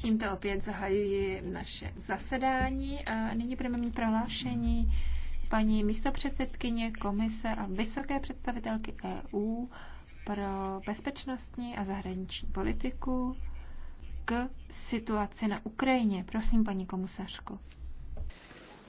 Tímto opět zahajuji naše zasedání a nyní budeme mít prohlášení paní místopředsedkyně Komise a vysoké představitelky EU pro bezpečnostní a zahraniční politiku k situaci na Ukrajině. Prosím, paní komisařko.